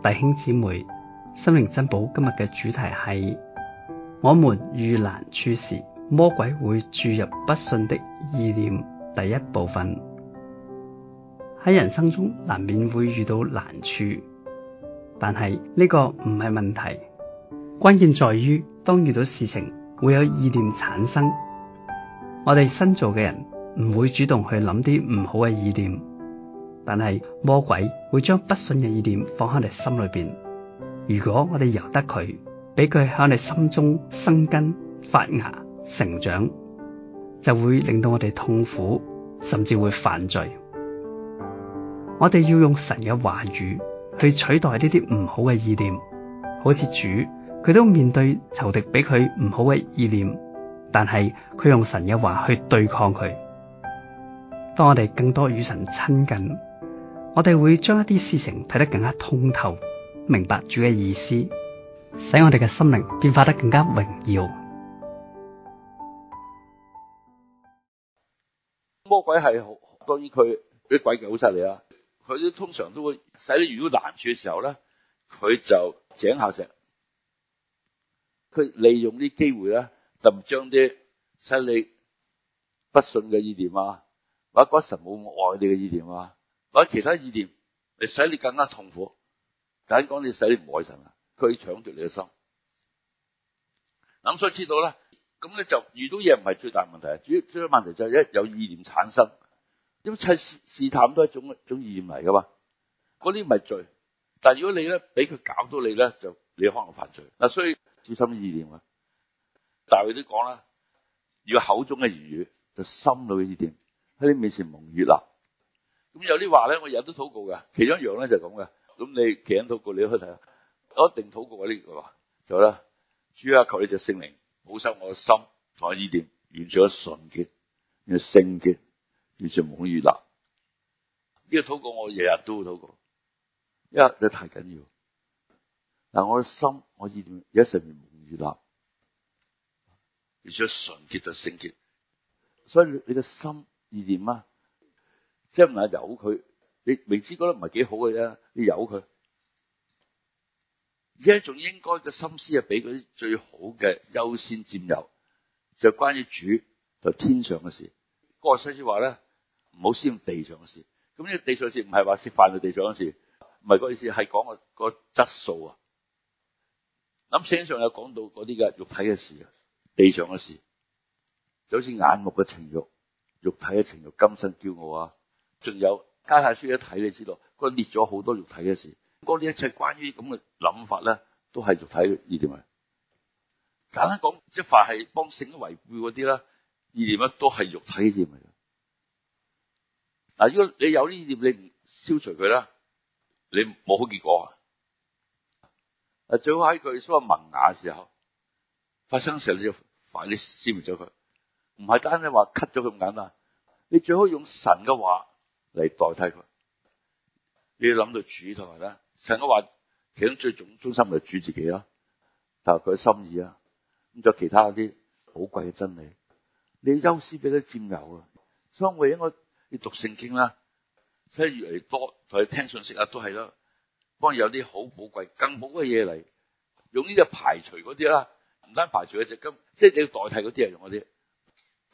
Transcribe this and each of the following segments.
弟兄姊妹，心靈珍寶，今日嘅主題係：我們遇難處時，魔鬼會注入不信的意念。第一部分。喺人生中難免會遇到難處，但係呢個唔係問題，關鍵在於當遇到事情會有意念產生，我哋新造嘅人唔會主動去諗啲唔好嘅意念。但係魔鬼會將不信嘅意念放喺你心裏邊。如果我哋由得佢，俾佢喺你心中生根發芽成長，就會令到我哋痛苦，甚至會犯罪。我哋要用神嘅話語去取代呢啲唔好嘅意念。好似主，佢都面對仇敵俾佢唔好嘅意念，但係佢用神嘅話去對抗佢。當我哋更多與神親近，我哋會將一啲事情睇得更加通透，明白主嘅意思，使我哋嘅心靈變化得更加榮耀。魔鬼係當然佢啲詭計好犀利啊！佢啲通常都會使你遇到難處嘅時候咧，佢就井下石，佢利用啲機會咧，就別將啲使你不信嘅意念啊，或者講神冇愛你嘅意念啊。或者其他意念嚟使你更加痛苦，簡單講，你使你唔愛神啊，佢要搶奪你嘅心。咁所以知道啦，咁咧就遇到嘢唔係最大的問題，主要主要問題就係一有意念產生，因為一切試探都係一種一種意念嚟噶嘛，嗰啲唔係罪，但係如果你咧俾佢搞到你咧，就你可能犯罪。嗱，所以小心意念啊！大衛都講啦，要口中嘅言語，就心裏嘅意念喺你面前蒙悅啦。咁有啲話咧，我日日都禱告㗎。其中一樣咧就係咁嘅。咁你頸禱告，你都可以睇下，我一定禱告啊呢句話就啦。主啊，求你隻聖靈，保守我嘅心我意念，完做得純潔越聖潔，越做唔好無立。呢個禱告我日日都禱告，因為你太緊要。嗱，我嘅心我意念一上面唔好無立，越做純潔就聖潔，所以你嘅心意念啊。即係唔係由佢，你明知覺得唔係幾好嘅啫，你由佢。而家仲應該嘅心思啊，俾佢最好嘅優先佔有，就關於主就天上嘅事。歌羅西書話咧唔好先地上嘅事。咁呢個地上嘅事唔係話食飯嘅地上嘅事，唔係嗰意思，係講個質素啊。諗聖經上有講到嗰啲嘅肉體嘅事，地上嘅事，就好似眼目嘅情慾、肉體嘅情慾、今生驕傲啊。仲有加太書一睇，你知道佢列咗好多肉體嘅事。過啲一切關於咁嘅諗法咧，都係肉體嘅意念。簡單講，即凡係幫性人違背嗰啲啦，意念咧都係肉體嘅意念。嗱，如果你有呢意念，你唔消除佢啦，你冇好結果。啊，最好喺佢所謂萌芽嘅時候，發生嘅時候，發生時候你就快啲消滅咗佢。唔係單你話 cut 咗佢咁簡單，你最好用神嘅話嚟代替佢，你要諗到主同埋咧，成日都話其中最重中心就主自己囉，但係佢心意啊，咁就其他啲寶貴嘅真理，你優先俾佢佔有啊，所以我應該要讀聖經啦，所以越嚟越多同你聽信息啊，都係幫幫有啲好寶貴、更好嘅嘢嚟，用呢個排除嗰啲啦，唔單排除嗰隻金，即係你要代替嗰啲嚟用嗰啲，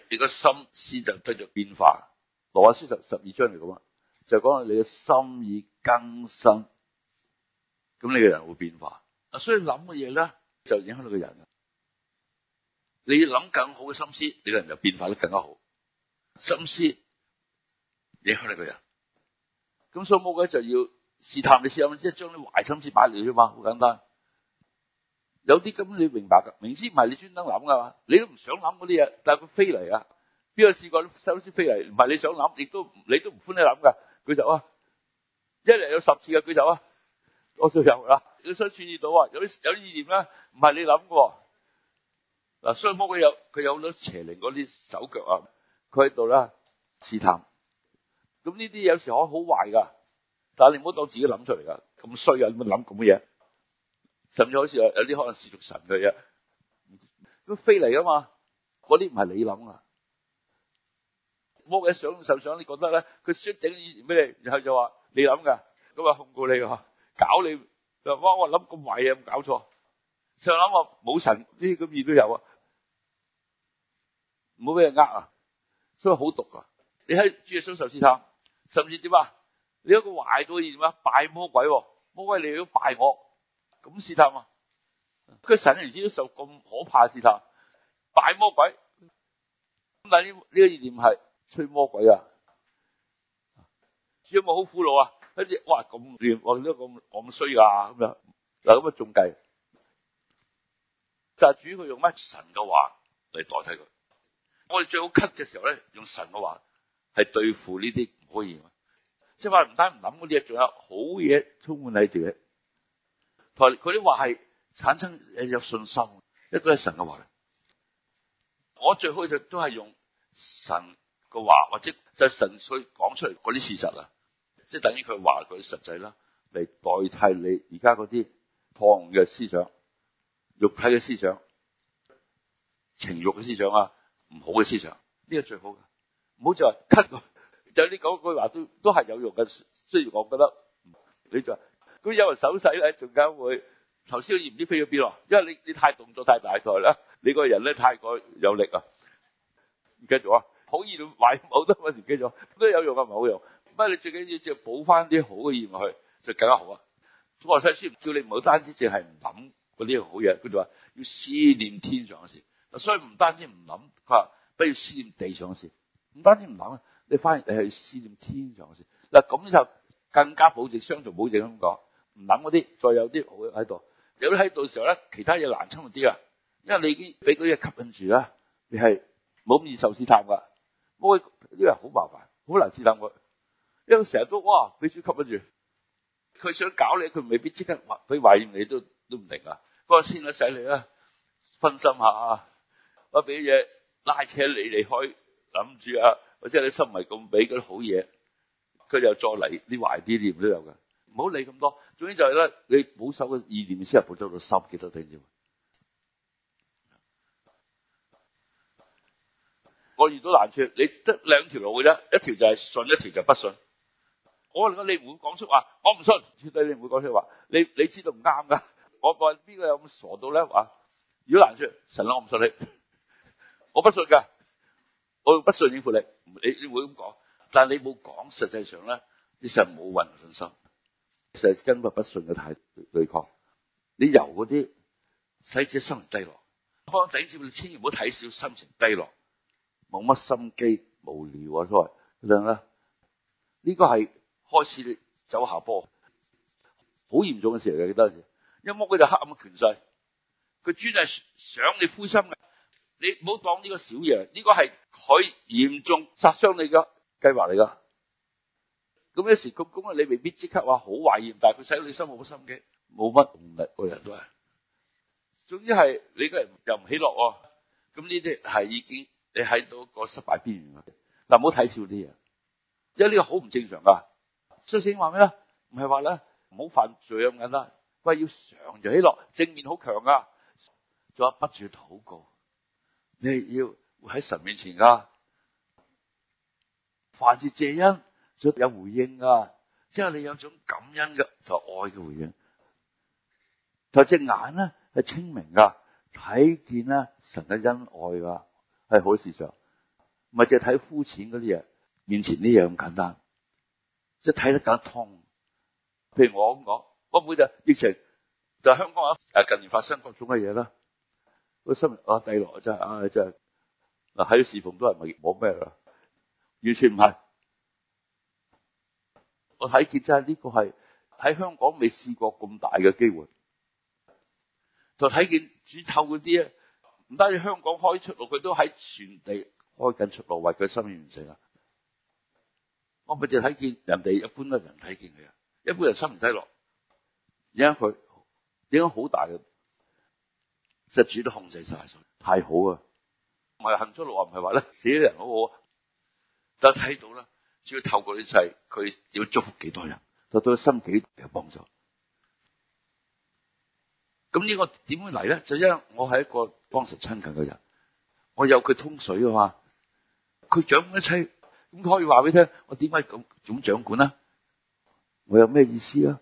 你個心思就跟着變化。《羅馬書》十十二章嚟講啊，就講你嘅心意更新，咁你個人會變化。啊，所以諗嘅嘢咧，就影響到個人嘅。你要諗更好嘅心思，你個人就變化得更加好。心思影響你個人，咁所以冇計，就要試探,探你，試探即係將啲壞心思擺嚟啫嘛，好簡單。有啲咁你明白嘅，明知唔係你專登諗噶嘛，你都唔想諗嗰啲嘢，但係佢飛嚟啊。邊個試過啲細老飛嚟？唔係你想諗，亦都你都唔歡喜諗嘅。舉手啊！一嚟有十次嘅舉手啊！多少有嗱，你都先注意到啊？有啲有啲意念咧，唔係你諗嘅嗱。雙方佢有佢有好多邪靈嗰啲手腳啊，佢喺度啦試探。咁呢啲有時可好壞噶，但係你唔好當自己諗出嚟噶，咁衰啊！點會諗咁嘅嘢？甚至好似有啲可能褻瀆神嘅嘢，咁飛嚟啊嘛，嗰啲唔係你諗啊！魔鬼想受想你覺得咧？佢先整意念俾你，然後就話你諗噶，咁啊控告你㗎。」搞你話哇！我諗咁壞嘢冇搞錯，就諗話：「冇神呢啲咁嘢都有啊！唔好俾人呃啊！所以好毒啊，你喺主耶穌受試探，甚至點啊？你一個壞嘅意念啊？拜魔鬼、啊，魔鬼你要拜我，咁試探啊？佢神原先都受咁可怕試探，拜魔鬼。咁但呢呢個意念係。吹魔鬼啊！主要我好苦惱啊！一直哇，咁亂，啊啊，我者咁咁衰啊，咁樣嗱，咁啊，仲計？就係主佢用乜神嘅話嚟，代替佢？我哋最好咳嘅時候咧，用神嘅話係對付呢啲唔可以，即係話唔單唔諗嗰啲嘢，仲有好嘢充滿喺度同佢啲話係產生有信心，一個係神嘅話嚟。我最好就都係用神。個話，或者就神所講出嚟嗰啲事實啊，即係等於佢話佢實際啦，嚟代替你而家嗰啲錯嘅思想、肉體嘅思想、情慾嘅思想啊，唔好嘅思想，呢個最好嘅。唔好就話咳，就呢講句話都都係有用嘅。雖然我覺得，你就咁有人手勢咧，仲加會頭先我唔知飛咗邊咯，因為你你太動作太大台啦，你個人咧太過有力啊。繼續啊！好意料壞冇都揾自己咗，都有用啊，唔係好用。乜你最緊要就補翻啲好嘅意念去，就更加好啊！《中華三書》叫你唔好單止淨係唔諗嗰啲好嘢，佢就話、是、要思念天上嘅事。所以唔單止唔諗，佢話不如思念地上嘅事。唔單止唔諗啊，你反而你係思念天上嘅事嗱，咁就更加保證雙重保證咁講，唔諗嗰啲，再有啲好嘢喺度，有啲喺度嘅時候咧，其他嘢難親啲啊，因為你已經俾嗰啲吸引住啦，你係冇咁易受試探㗎。喂，呢、這個好麻煩，好難處理喎。因為成日都哇，俾書吸唔住，佢想搞你，佢未必即刻話佢懷疑你都都唔定啊。嗰個先啦，使你啊分心一下、啊，我俾嘢拉扯你離開，諗住啊，或者你心唔係咁俾嗰啲好嘢，佢又再嚟啲壞啲念都有嘅，唔好理咁多。總之就係、是、咧，你保守嘅意念先係保得到心幾多啲嘅。我遇到難處，你得兩條路嘅啫，一條就係信，一條就不信。我嚟講，你唔會講出話，我唔信，絕對你唔會講出話。你你知道唔啱噶。我話邊個有咁傻到咧？話如果難處，神啊，我唔信你，我不信㗎，我不信，我不信應付你。你你會咁講，但你冇講，實際上咧，你實冇運信心，實係根本不信嘅態度對抗。你由嗰啲使者心低落，幫我頂住，你千祈唔好睇小心情低落。冇乜心機，無聊啊！坐等等啦，呢個係開始你走下坡，好嚴重嘅事嚟嘅。多謝一摸佢就黑暗嘅權勢，佢專係想你灰心嘅。你唔好當呢個小嘢，呢、這個係佢嚴重殺傷你嘅計劃嚟噶。咁有時咁咁啊，你未必即刻話好懷疑，但係佢使到你心冇心機，冇乜動力，個人都係。總之係你個人又唔起落喎、啊，咁呢啲係已經。你喺到個失敗邊緣啦，嗱唔好睇小啲嘢，因為呢個好唔正常噶。所以請話咩咧？唔係話咧唔好犯罪咁緊啦，喂要常常喜樂，正面好強噶，做一不住禱告，你要喺神面前噶，凡事謝恩，所以有回應噶，即係你有種感恩嘅就愛嘅回應，就隻眼咧係清明噶，睇見咧神嘅恩愛噶。係好事就，唔係淨係睇膚淺嗰啲嘢，面前呢樣咁簡單，即係睇得搞得通。譬如我咁講，我唔會就疫情就香港啊，近年發生各種嘅嘢啦，個新聞啊跌落、啊、真係啊真係，嗱喺侍奉都係冇咩啦，完全唔係。我睇見真係呢個係喺香港未試過咁大嘅機會，就睇見煮透嗰啲啊。唔單止香港開出路，佢都喺全地開緊出路，為佢心願完成啊！我咪就睇見人哋一般都人睇見嘅，一般人心唔濟落，而家佢影響好大嘅，即係主都控制晒，晒太好啊！唔係行出路，我唔係話咧死啲人好好，但睇到咧，主要透過呢世，佢要祝福多幾多人，就對心幾大嘅幫助。咁呢個點會嚟咧？就因為我係一個。當時親近嘅人，我有佢通水啊嘛，佢掌管一切，咁可以話俾你聽，我點解咁總掌管呢？我有咩意思啊？